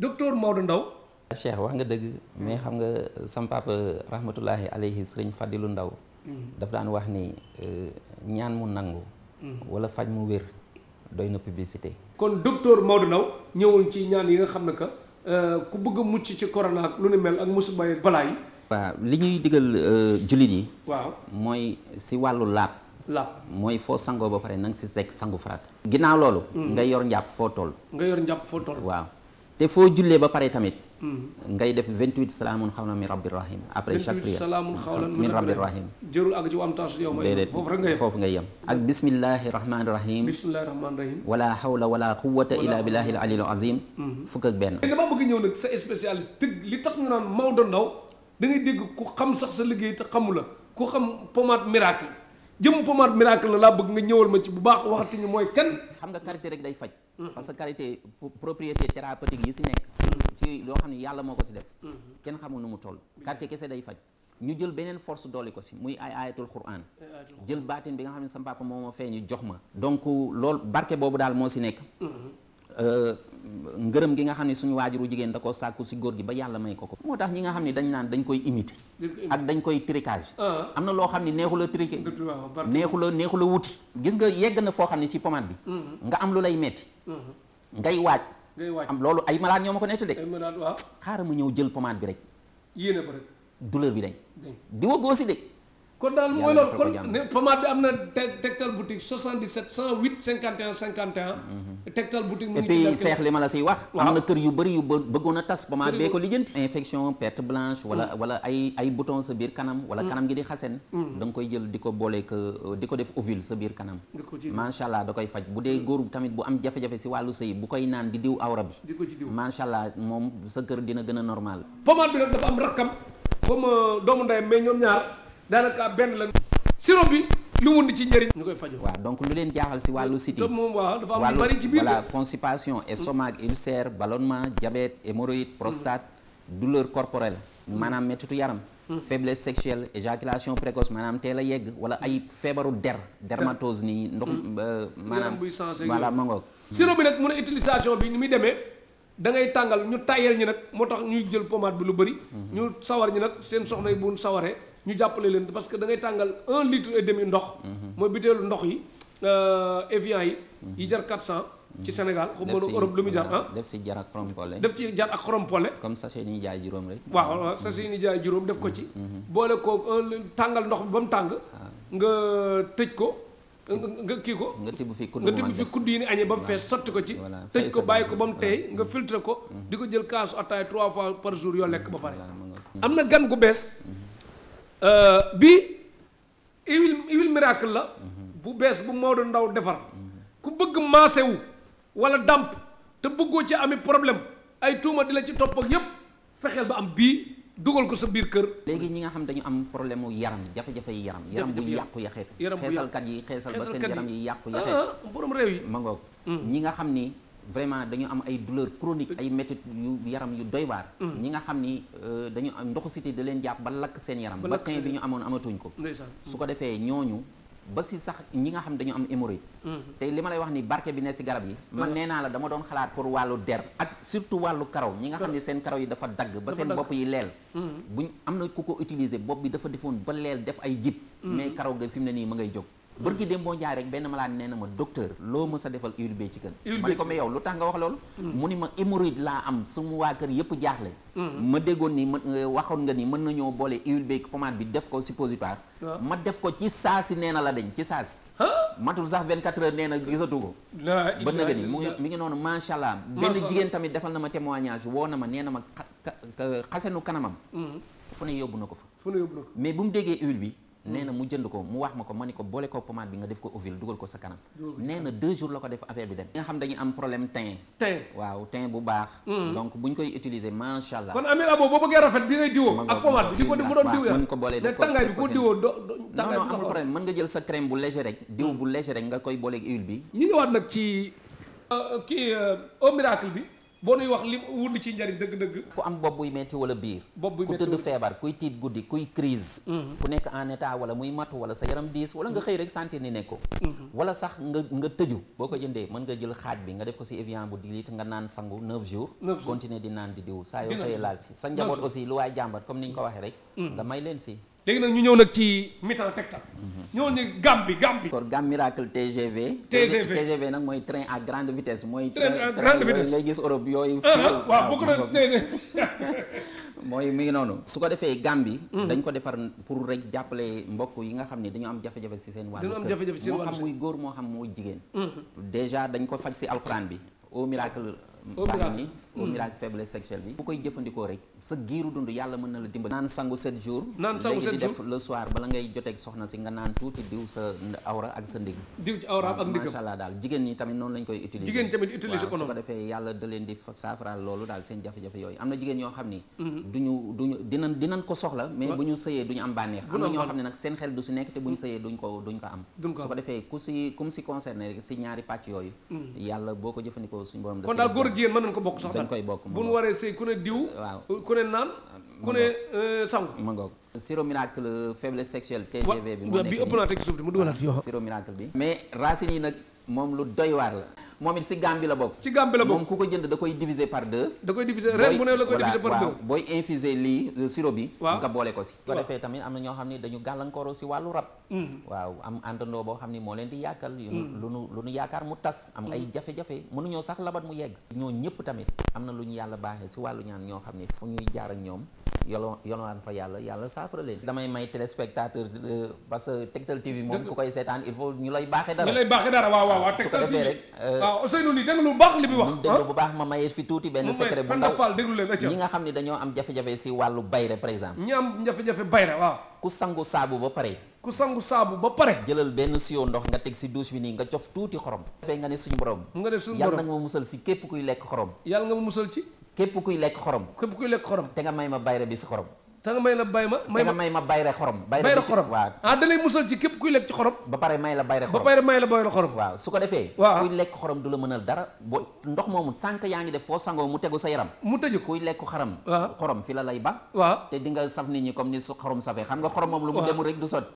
docteur Maodo Ndaw Cheikh wax nga dëgg mais xam nga sam papa rahmatullahi alayhi sëriñ Fadilu Ndaw mm-hmm. daf daan wax ni euh, ñaan mu nangu mm-hmm. wala faj mu wér doy na publicité kon docteur Maodo Ndaw ñëwoon ci ñaan yi nga xam ne que euh, ku bëgg mucc ci corona ak lu ni mel ak musiba yi balaa yi li ñuy digal euh, jullit yi waaw mooy si wàllu laab laab mooy foo sangoo ba pare na si sekk sangu faraat ginnaaw loolu mm-hmm. nga yor njàpp foo tool nga yor njàpp foo toll waaw te foo jullee ba pare tamit. Mm-hmm. ngay def 28 salaamun xawlan min rabbi rahim. après chaque prière 28 salaamun xawlan min rabbi rahim. jërul àgg ci am tâche yow mooy foofu rek ngay foofu ngay yem. ak bismillahi rahmaani rahim. bismillahi rahmaani rahim. wala hawla wala quwwata illa billahi al-aliyyil azim. Mm-hmm. fukk ak benn. dama bëgg ñëw nag sa spécialiste tëgg li tax ñu naan Maodo Ndaw da ngay dégg ku xam sax sa liggéey te xamu la ku xam pommade miracle jëm pommade miracle la laa bëgg nga ñëwal ma ci bu baax waxati ñu mooy kan. xam nga karité rek day faj. Mm-hmm. parce que qualité propriété thérapeutique yi si nekk mm-hmm. ci loo xam ne yàlla moo ko si def mm-hmm. kenn xamul nu mu toll quartier kese day faj ñu jël beneen force doole ko si muy ay ayatul quran jël baatin bi nga xam ne sa papa moo ma feeñu jox ma donc loolu barke boobu daal moo si nekk Euh, ngërëm gi nga xam ne suñu waajuru jigéen da koo sàkku si góor gi ba yàlla may ko ko moo tax ñi nga xam ne dañ naan dañ koy imiter ak dañ koy tricage ah. am na loo xam ne neexu la triqué neexu la neexu la wuti gis nga yegg na foo xam ne si pomade bi mm-hmm. nga am lu lay metti mm-hmm. ngay waaj am loolu ay malade ñoo ma ko nett de xaaral ma ñëw jël pomade bi rek yéene ko rek bi dañ di wa góosi kon daal mooy loolu kon pommade bi am na Tektal boutique 77 108 51 51. Tektal boutique mu ngi ci et puis seex li ma la siy wax. am na kër yu bëri yu bëggoon a tas pommade bee ko lijjanti. infection perte blanche. wala mm. wala ay ay bouton sa biir kanam. wala mm. kanam gi di xasen. Mm. da nga koy jël di ko booleeg euh, di ko def ovule sa biir kanam. macha allah da koy faj bu dee góor tamit bu am jafe-jafe si wàllu sëy bu koy naan di diw awra bi. di ko ci diw macha allah moom sa kër dina gën a normal. pommade bi nag dafa am rakkam comme euh, doomu ndey mais ñoom ñaar daanaka benn la sirop bi lu mu di ci njëriñ ñu koy fajo waaw donc lu leen jaaxal si wàllu siti moom waaw dafa am lu bari ci biir voilà constipation estomac ulcère ballonnement diabète hémorroïde prostate douleur corporelle maanaam mettitu yaram faiblesse sexuelle éjaculation précoce maanaam teel a yegg wala ay feebaru der dermatose nii ndox hmm. maanaam voilà ma ngoog sirop bi nag mun a utilisation bi ni muy demee da ngay tàngal ñu tayel ñi nag moo tax ñuy jël pomaat bi lu bëri hmm. ñu sawar ñi seen soxna yi sawaree ñu jàppale leen parce que da ngay tàngal un litre et demi ndox. Mhm. mooy butéelu ndox yi Evian euh, yi. Mhm. yi jar 400. Mhm. ci Sénégal xaw ma Europe lu muy jar ah. def si jar ak xorompole. def ci jar ak xorompole. comme sachet yi ñuy jaay juróom rek. waaw juróom def ko ci. boole ko euh, tàngal ndox bi ba mu tàng. Ah. nga tëj ko. nga kii ko nga tibb fi kudd yi ni añee ba mu fees sotti ko ci tëj ko bàyyi ko ba mu teey nga filtre ko di ko jël kaasu ataay trois fois par jour yoo lekk ba pare am na gan Euh, bi huile huile miracle la bu bees bu Maodo Ndaw defar ku bëgg maase wu wala dàmp te bëggoo ci ami problème ay tuuma di la ci topp ak yépp fexeel ba am bii dugal ko sa biir kër léegi ñi nga xam dañu am problème mu yaram jafe-jafe yi yaram yaram bu yàqu yaxeet xeesalkat yi xeesal ba seen yaram yi yàqu yaxeet ah, ah, borom réew yi yàqu ngoog mm. ñi nga xam ni vraiment dañu am ay douleur chronique ay métit yu yaram yu doy waar mm. ñi nga xam ni euh, dañu am ndoxu cité da leen jàpp ba lakk seen yaram ba teint bi ñu amoon amatuñ ko su ko defee ñooñu ba si sax ñi nga xam dañu am hémorroïde mm. te li ma lay wax ni barke bi ne si garab yi man mm. nee naa la dama doon xalaat pour wàllu der ak surtout wàllu karaw ñi nga xam ne seen karaw yi dafa dagg ba seen bopp yi leel buñ am na ku ko utiliser bopp bi dafa defoon ba leel def ay jib mais fi mu ne nii ma ngay jóg bërki dem boo njaay rek benn malade nee na ma docteur loo ma sa defal huile bee ci gën ma ne ko mais yow lu tax nga wax loolu mm. mu ni ma hémorroïde laa am suma waa kër yëpp jaaxle mm. ma déggoon ni euh, nga ni mën nañoo boole huile bee pommade bi def ko suppositoire ma def ko ci saa si nee na la deñ ci saa si matul sax 24 heures nee na gisatu ko ba nëga ni mu ngi mi ngi noonu macha allah benn jigéen tamit defal na ma témoignage woo na ma nee ma xasenu kanamam mm. fu ne yóbbu na ko fa fu ne yóbbu na ko mais bu mu déggee huile bi Mm. nee na mu jënd ko mu wax ma ko ma ni ko boole ko pommade bi nga def ko ovule dugal ko sa kanam nee na deux jours la ko def affaire bi dem nga xam dañuy am problème teint teint waaw teint bu baax mm. donc ñu koy utiliser macha allah kon amee abo boo bëggee rafet bi ngay diwoo ak pommade bi di ko di mu doon diw ya mën ko boole mais tàngaay bi ko diwoo do non non amul problème mën nga jël sa crème bu léger rek diw bu léger rek nga koy booleeg huile bi ñu ñëwaat nag ci euh, kii euh, au bi boo nuy wax lim wund ci njariñ dëgg-dëgg ku am bopp buy metti wala biir ku tëdd feebar kuy tiit guddi kuy crise mm-hmm. ku nekk en état wala muy matu wala sa yaram diis wala nga mm-hmm. xëy rek santé ni nekko mm-hmm. wala sax nga nga tëju boo ko jëndee mën nga jël xaaj bi nga def ko si Evian bu di nga naan sangu 9 jours continuer di naan di diw saa yoo xëyee laal si sa njaboot aussi lu waay jàmbat comme ni ñu ko waxee rek nga leen si léegi nag ñu ñëw nag ci mitan tegtal. ñëwoon ni Gambie Gambie. kon Gam TGV. TGV nag mooy train ak grande vitesse. mooy train à grande vitesse gis Europe yooyu. Ah, ah, mooy mi ngi noonu. su ko defee Gambie. Mhm. dañ ko defar pour rek jàppale mbokk yi nga xam ne dañu am jafe-jafe si seen. wàllu kër moo xam muy góor moo xam moo jigéen. Mhm. déjà dañ ko faj si alxuraan bi au miracle. au au hmm. miracle faiblesse sexuelle bi bu koy jëfandikoo rek sa giiru dund yàlla mën na la dimbali naan sangu 7 jours naan sangu 7 jours le soir bala ngay joteeg soxna si nga naan tuuti diw sa awra ak sa ndig diw ci awra ak ndigam macha allah daal jigéen ñi tamit noonu lañ koy utiliser jigéen tamit utiliser ko noonu su ko defee yàlla da leen di saafaraal loolu daal seen jafe yooyu am na jigéen ñoo xam ni hmm. duñu duñu dinañ ko soxla mais bu ñu sëyee duñu am bànneex am na ñoo xam ne nag seen xel du si nekk te bu ñu hmm. sëyee duñ ko duñ ko am su ko si comme si concerné rek si ñaari pàcc yooyu yàlla boo dañ koy bokk bu waree sëy ku ne diw. ku ne naan. ku ne euh, sangu. ma ngoog sirop miracle euh, faiblesse sexuelle. TGV bi mu nekk bi ëpp naa teg suuf di mu dugalaat fi yoo. sirop miracle bi. mais racines nag. moom lu doy waar la moom it si gaam la bokk ci gaam bi la bokk moom ku ko jënd da koy diviser par deux da koy diviser ren mu ne la koy diviser par deux booy infuser lii euh, sirop bi nga boole ko si ko defee am na ñoo xam ne dañu gàllankooroo si wàllu rab mm-hmm. waaw am àndandoo boo xam ne moo leen di yaakal mm-hmm. lu nu lu nu yaakaar mu tas am ay mm-hmm. jafe-jafe mënuñoo sax labat mu yegg ñoo ñëpp tamit am na lu ñu yàlla baaxee si wàllu ñaan ñoo xam ni fu ñuy jaar ak ñoom yolo yolwaan fa yàlla yàlla saafara leen damay may téléspectateur euh, parce que Tektal TV moom ku koy seetaan il faut ñu lay baaxee dara ñu lay baaxee dara waaw waaw su ko defee rek euh, waaw Ousseynou lii dégg lu baax li muy wax déglu ah. bu baax ma mayee fi tuuti benn secret bu ndaw Fall déglu leen ñi nga xam ne dañoo am jafe-jafe si wàllu bayre par exemple ñi am jafe-jafe bayre waaw ku sangu saabu ba pare ku sangu saabu ba pare jëlal benn siyo ndox nga teg si douche bi nii nga cof tuuti xorom defee nga ne suñu borom nga ne suñu borom yàlla nga ma musal si képp kuy lekk xorom yàlla nga ma musal ci képp kuy lekk xorom képp kuy lekk xorom te nga may ma bayra bi si xorom te nga may la bay ma may ma may ma bayra xorom bayra xorom waaw ah da lay musal ci képp kuy lekk ci xorom ba pare may la bayra xorom ba pare may la bayra xorom ko defee waaw kuy lekk xorom du la mënal dara boo ndox moomu tànk yaa ngi def foo sangoo mu tegu sa yaram mu tëju kuy lekk xaram waaw xorom fi la lay ba waa te di nga saf nit ñi comme ni su xorom safee xam nga xorom moom lu mu demul rek du sot